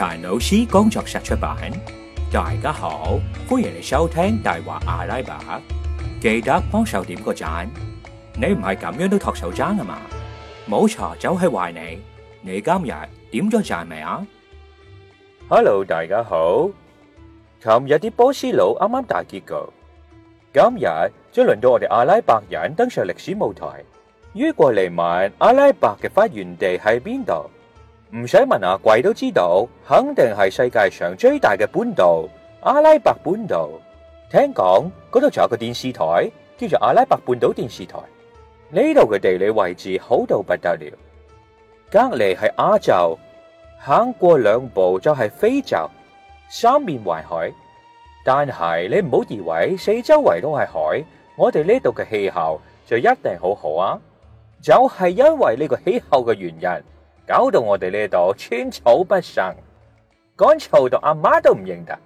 陳老師工作室出版，大家好，歡迎收聽《大話阿拉伯》。記得幫手點個讚，你唔係咁樣都托手踭啊嘛？冇錯，就係壞你。你今日點咗讚未啊？Hello，大家好。琴日啲波斯佬啱啱大結局，今日將輪到我哋阿拉伯人登上歷史舞台。於過嚟問阿拉伯嘅發源地喺邊度？唔使問阿貴都知道，肯定係世界上最大嘅半島——阿拉伯半島。聽講嗰度仲有個電視台，叫做阿拉伯半島電視台。呢度嘅地理位置好到不得了，隔籬係亞洲，行過兩步就係非洲，三面環海。但係你唔好以為四周圍都係海，我哋呢度嘅氣候就一定好好啊。就係因為呢個氣候嘅原因。搞到我哋呢度寸草不生，乾燥到阿媽，媽都唔認得。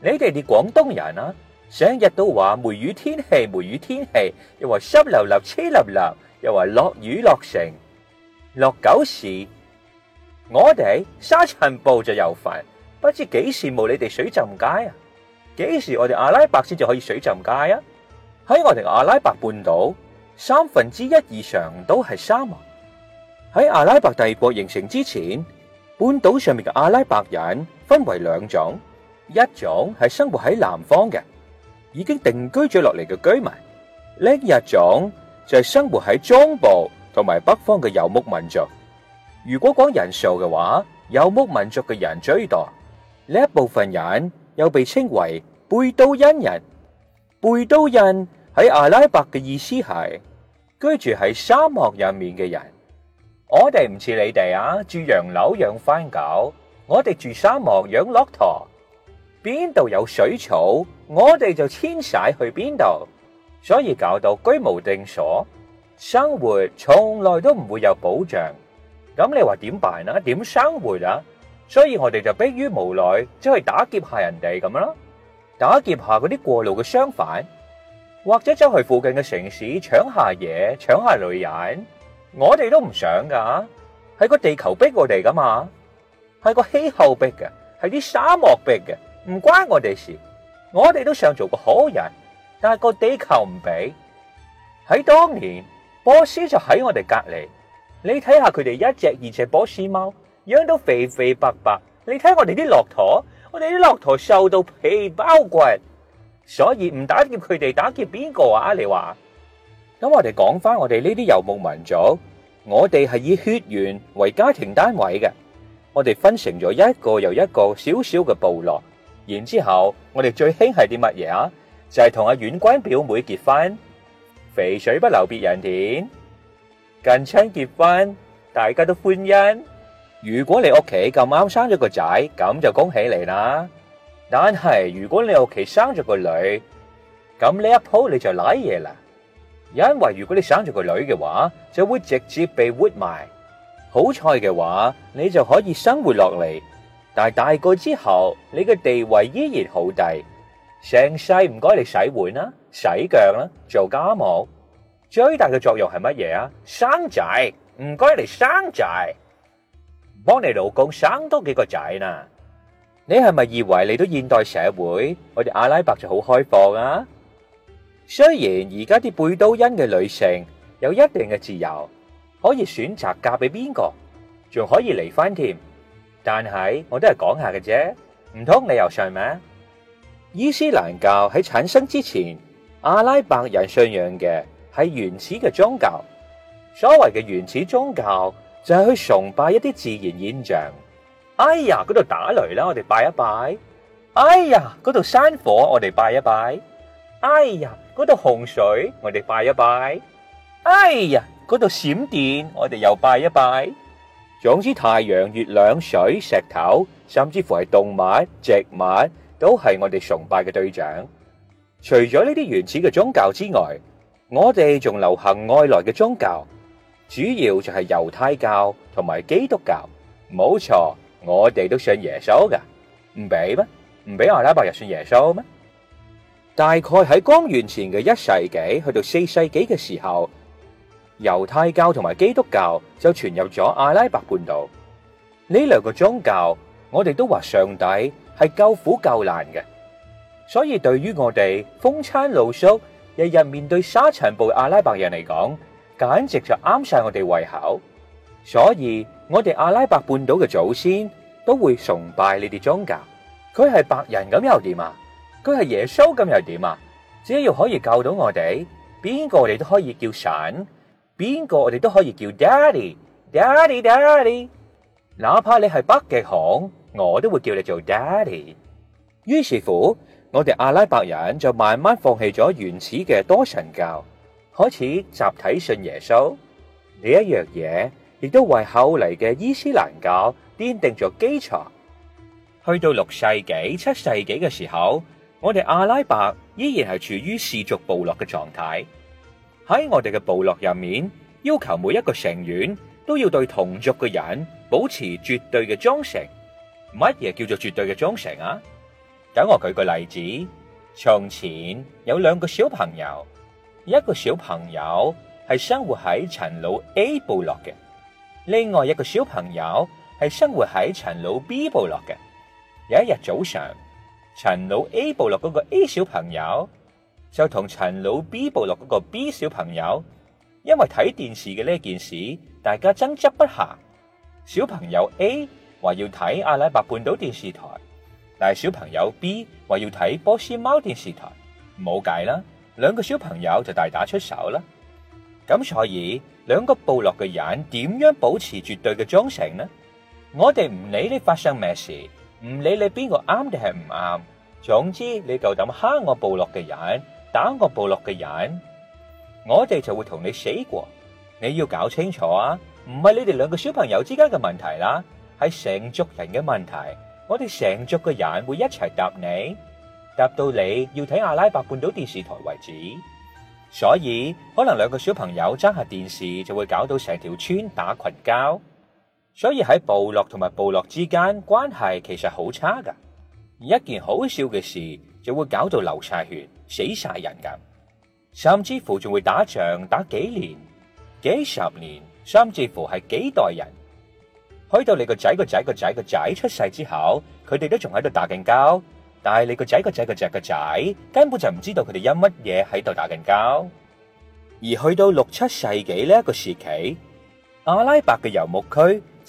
你哋啲廣東人啊，成日都話梅雨天氣，梅雨天氣又話濕淋淋、黐笠笠，又話落雨落成落狗時。我哋沙塵暴就又煩，不知幾時冇你哋水浸街啊！幾時我哋阿拉伯先至可以水浸街啊？喺我哋阿拉伯半島，三分之一以上都係沙漠。喺阿拉伯帝國形成之前，半島上面嘅阿拉伯人分為兩種，一種係生活喺南方嘅，已經定居咗落嚟嘅居民；另一種就係生活喺中部同埋北方嘅遊牧民族。如果講人數嘅話，遊牧民族嘅人最多，呢一部分人又被稱為貝都因人。貝都因喺阿拉伯嘅意思係居住喺沙漠入面嘅人。我哋唔似你哋啊，住洋樓養番狗；我哋住沙漠養駱駝，邊度有水草，我哋就遷徙去邊度，所以搞到居無定所，生活從來都唔會有保障。咁你話點辦啊？點生活啊？所以我哋就迫於無奈，就去打劫下人哋咁囉，打劫下嗰啲過路嘅商販，或者走去附近嘅城市搶下嘢，搶下女人。我哋都唔想噶，係個地球逼我哋噶嘛，係個氣候逼嘅，係啲沙漠逼嘅，唔關我哋事。我哋都想做個好人，但係個地球唔俾。喺當年，波斯就喺我哋隔籬，你睇下佢哋一隻二隻波斯貓，養到肥肥白白。你睇我哋啲駱駝，我哋啲駱駝瘦到皮包骨，所以唔打劫佢哋，打劫邊個啊？你話？咁我哋講翻我哋呢啲遊牧民族，我哋係以血緣為家庭單位嘅，我哋分成咗一個又一個小小嘅部落。然之後我哋最興係啲乜嘢啊？就係同阿遠親表妹結婚，肥水不流別人田，近親結婚大家都歡欣。如果你屋企咁啱生咗個仔，咁就恭喜你啦。但係如果你屋企生咗個女，咁呢一鋪你就瀨嘢啦。因為如果你生咗個女嘅話，就會直接被屈埋。好彩嘅話，你就可以生活落嚟。但係大個之後，你嘅地位依然好低，成世唔該你洗碗啦、洗腳啦、做家務。最大嘅作用係乜嘢啊？生仔，唔該你生仔，幫你老公生多幾個仔啦。你係咪以為嚟到現代社會，我哋阿拉伯就好開放啊？雖然而家啲貝都因嘅女性有一定嘅自由，可以選擇嫁俾邊個，仲可以離翻添。但係我都係講下嘅啫，唔通你又信咩？伊斯蘭教喺產生之前，阿拉伯人信仰嘅係原始嘅宗教。所謂嘅原始宗教就係去崇拜一啲自然現象。哎呀，嗰度打雷啦，我哋拜一拜。哎呀，嗰度山火，我哋拜一拜。哎呀。嗰度洪水，我哋拜一拜。哎呀，嗰度閃電，我哋又拜一拜。總之，太陽、月亮、水、石頭，甚至乎係動物、植物，都係我哋崇拜嘅對象。除咗呢啲原始嘅宗教之外，我哋仲流行外來嘅宗教，主要就係猶太教同埋基督教。冇錯，我哋都信耶穌㗎，唔俾咩？唔俾阿拉伯人信耶穌咩？大概喺公元前嘅一世紀去到四世紀嘅時候，猶太教同埋基督教就傳入咗阿拉伯半島。呢兩個宗教，我哋都話上帝係救苦救難嘅，所以對於我哋風餐露宿、日日面對沙塵暴阿拉伯人嚟講，簡直就啱晒我哋胃口。所以我哋阿拉伯半島嘅祖先都會崇拜你哋宗教，佢係白人咁又點啊？佢係耶穌咁又點啊？只要可以救到我哋，邊個我哋都可以叫神，邊個我哋都可以叫 daddy daddy daddy。哪怕你係北極熊，我都會叫你做 daddy。於是乎，我哋阿拉伯人就慢慢放棄咗原始嘅多神教，開始集體信耶穌。呢一樣嘢亦都為後嚟嘅伊斯蘭教奠定咗基礎。去到六世紀、七世紀嘅時候。我哋阿拉伯依然係處於氏族部落嘅狀態，喺我哋嘅部落入面，要求每一個成員都要對同族嘅人保持絕對嘅忠誠。乜嘢叫做絕對嘅忠誠啊？等我舉個例子，從前有兩個小朋友，一個小朋友係生活喺陳老 A 部落嘅，另外一個小朋友係生活喺陳老 B 部落嘅。有一日早上。陳老 A 部落嗰個 A 小朋友就同陳老 B 部落嗰個 B 小朋友，因為睇電視嘅呢件事，大家爭執不下。小朋友 A 話要睇阿拉伯半島電視台，但係小朋友 B 話要睇波斯貓電視台，冇計啦。兩個小朋友就大打出手啦。咁所以兩個部落嘅人點樣保持絕對嘅忠誠呢？我哋唔理你發生咩事。唔理你邊個啱，定係唔啱，總之你夠膽蝦我部落嘅人，打我部落嘅人，我哋就會同你死過。你要搞清楚啊，唔係你哋兩個小朋友之間嘅問題啦，係成族人嘅問題。我哋成族嘅人會一齊答你，答到你要睇阿拉伯半島電視台為止。所以可能兩個小朋友爭下電視，就會搞到成條村打群交。所以喺部落同埋部落之間關係其實好差噶，而一件好笑嘅事就會搞到流晒血，死晒人噶，甚至乎仲會打仗打幾年，幾十年，甚至乎係幾代人。去到你個仔個仔個仔個仔出世之後，佢哋都仲喺度打緊交，但係你個仔個仔個仔個仔根本就唔知道佢哋因乜嘢喺度打緊交。而去到六七世紀呢一個時期，阿拉伯嘅遊牧區。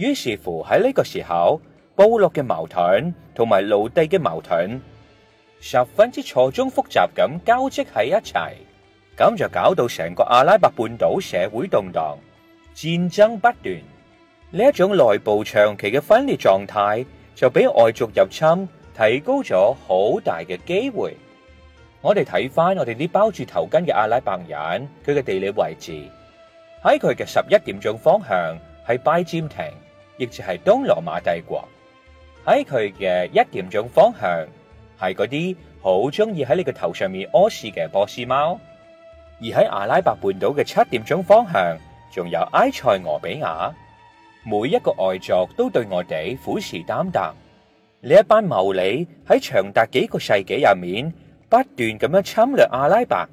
於是乎喺呢個時候，部落嘅矛盾同埋奴隸嘅矛盾，十分之錯綜複雜咁交織喺一齊，咁就搞到成個阿拉伯半島社會動蕩，戰爭不斷。呢一種內部長期嘅分裂狀態，就俾外族入侵提高咗好大嘅機會。我哋睇翻我哋啲包住頭巾嘅阿拉伯人，佢嘅地理位置喺佢嘅十一點鐘方向，係拜占庭。亦就係東羅馬帝國，喺佢嘅一點鐘方向係嗰啲好中意喺你個頭上面屙屎嘅波斯貓，而喺阿拉伯半島嘅七點鐘方向仲有埃塞俄比亞，每一個外族都對我哋虎視眈眈。呢一班牟利喺長達幾個世紀入面不斷咁樣侵略阿拉伯，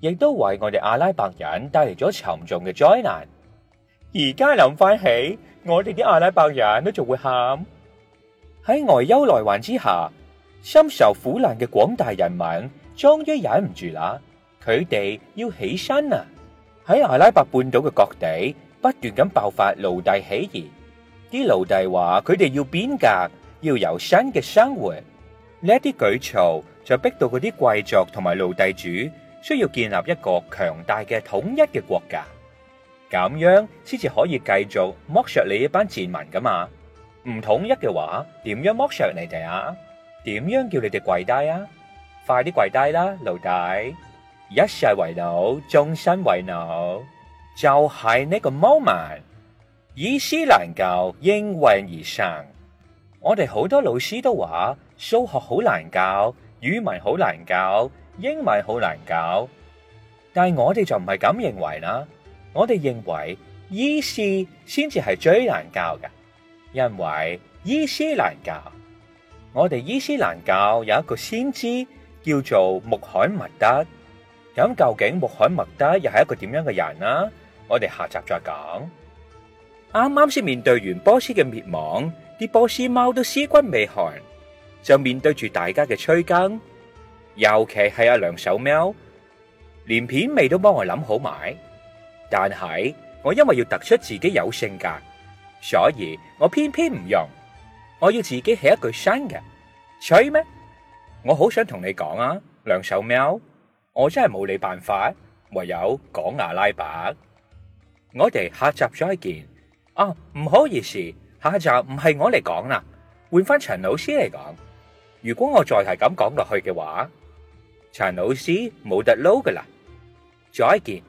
亦都為我哋阿拉伯人帶嚟咗沉重嘅災難。而家諗翻起，我哋啲阿拉伯人都仲會喊。喺外憂內患之下，深受苦難嘅廣大人民終於忍唔住啦，佢哋要起身啊！喺阿拉伯半島嘅各地不斷咁爆發奴隸起義，啲奴隸話佢哋要變革，要有新嘅生活。呢一啲舉措就逼到嗰啲貴族同埋奴隸主需要建立一個強大嘅統一嘅國家。咁樣先至可以繼續剝削你一班賤民噶嘛？唔統一嘅話，點樣剝削你哋啊？點樣叫你哋跪低啊？快啲跪低啦，老大！一世為奴，終身為奴，就係呢個 moment。以思難教，應運而生。我哋好多老師都話，數學好難教，語文好難教，英文好難教，但係我哋就唔係咁認為啦。我哋認為伊斯蘭先至係最難教嘅，因為伊斯蘭教，我哋伊斯蘭教有一個先知叫做穆罕默德。咁究竟穆罕默德又係一個點樣嘅人啊？我哋下集再講。啱啱先面對完波斯嘅滅亡，啲波斯貓都屍骨未寒，就面對住大家嘅催更，尤其係阿兩手貓，連片尾都幫我諗好埋。但係我因為要突出自己有性格，所以我偏偏唔用，我要自己起一句新嘅，吹咩？我好想同你講啊，梁手喵，我真係冇你辦法，唯有講阿拉伯。我哋下集再見。啊、哦，唔好意思，下集唔係我嚟講啦，換翻陳老師嚟講。如果我再係咁講落去嘅話，陳老師冇得撈噶啦。再見。